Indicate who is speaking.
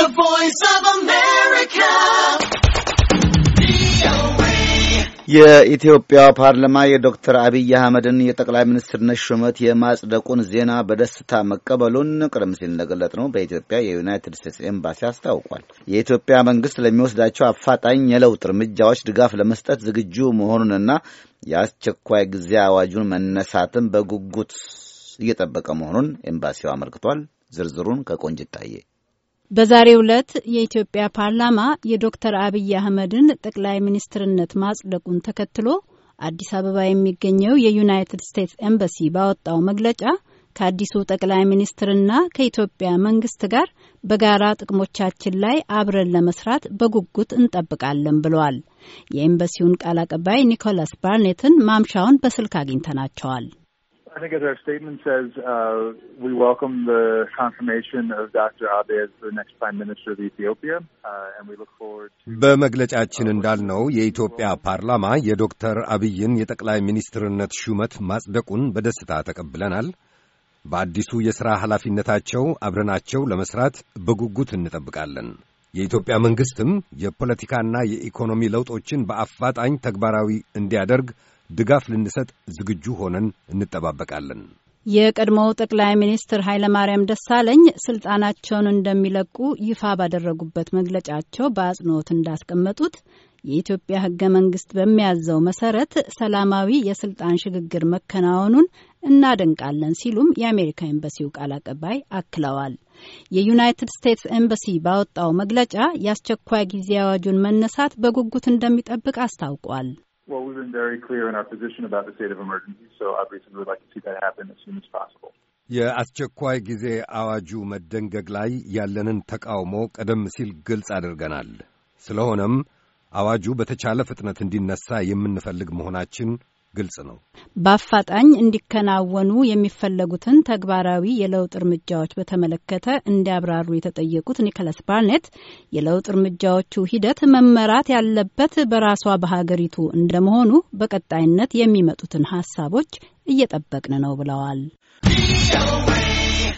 Speaker 1: The Voice of America.
Speaker 2: የኢትዮጵያ ፓርላማ የዶክተር አብይ አህመድን የጠቅላይ ሚኒስትርነት ሹመት የማጽደቁን ዜና በደስታ መቀበሉን ቅድም ሲል ነው በኢትዮጵያ የዩናይትድ ስቴትስ ኤምባሲ አስታውቋል። የኢትዮጵያ መንግስት ለሚወስዳቸው አፋጣኝ የለውጥ እርምጃዎች ድጋፍ ለመስጠት ዝግጁ መሆኑንና የአስቸኳይ ጊዜ አዋጁን መነሳትን በጉጉት እየጠበቀ መሆኑን ኤምባሲው አመልክቷል። ዝርዝሩን ከቆንጅታዬ
Speaker 3: በዛሬው ዕለት የኢትዮጵያ ፓርላማ የዶክተር አብይ አህመድን ጠቅላይ ሚኒስትርነት ማጽደቁን ተከትሎ አዲስ አበባ የሚገኘው የዩናይትድ ስቴትስ ኤምባሲ ባወጣው መግለጫ ከአዲሱ ጠቅላይ ሚኒስትርና ከኢትዮጵያ መንግስት ጋር በጋራ ጥቅሞቻችን ላይ አብረን ለመስራት በጉጉት እንጠብቃለን ብለዋል። የኤምባሲውን ቃል አቀባይ ኒኮላስ ባርኔትን ማምሻውን በስልክ አግኝተናቸዋል።
Speaker 1: I think as our statement says, uh, we welcome the confirmation of Dr. Abe as the next Prime Minister of Ethiopia, uh, and we look forward
Speaker 4: to... በመግለጫችን እንዳልነው የኢትዮጵያ ፓርላማ የዶክተር አብይን የጠቅላይ ሚኒስትርነት ሹመት ማጽደቁን በደስታ ተቀብለናል። በአዲሱ የሥራ ኃላፊነታቸው አብረናቸው ለመሥራት በጉጉት እንጠብቃለን። የኢትዮጵያ መንግሥትም የፖለቲካና የኢኮኖሚ ለውጦችን በአፋጣኝ ተግባራዊ እንዲያደርግ ድጋፍ ልንሰጥ ዝግጁ ሆነን እንጠባበቃለን።
Speaker 3: የቀድሞው ጠቅላይ ሚኒስትር ኃይለማርያም ደሳለኝ ስልጣናቸውን እንደሚለቁ ይፋ ባደረጉበት መግለጫቸው በአጽንኦት እንዳስቀመጡት የኢትዮጵያ ሕገ መንግስት በሚያዘው መሰረት ሰላማዊ የስልጣን ሽግግር መከናወኑን እናደንቃለን ሲሉም የአሜሪካ ኤምባሲው ቃል አቀባይ አክለዋል። የዩናይትድ ስቴትስ ኤምባሲ ባወጣው መግለጫ የአስቸኳይ ጊዜ አዋጁን መነሳት በጉጉት እንደሚጠብቅ አስታውቋል።
Speaker 1: Well, we've been very clear in our position about the state of emergency, so obviously we'd like to see that happen as soon as possible.
Speaker 4: የአስቸኳይ ጊዜ አዋጁ መደንገግ ላይ ያለንን ተቃውሞ ቀደም ሲል ግልጽ አድርገናል። ስለሆነም አዋጁ በተቻለ ፍጥነት እንዲነሳ የምንፈልግ መሆናችን ግልጽ ነው።
Speaker 3: በአፋጣኝ እንዲከናወኑ የሚፈለጉትን ተግባራዊ የለውጥ እርምጃዎች በተመለከተ እንዲያብራሩ የተጠየቁት ኒኮላስ ባርኔት የለውጥ እርምጃዎቹ ሂደት መመራት ያለበት በራሷ በሀገሪቱ እንደመሆኑ በቀጣይነት የሚመጡትን ሀሳቦች እየጠበቅን ነው ብለዋል።